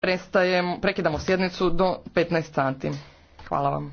prestajem, prekidamo sjednicu do 15 sati. Hvala vam.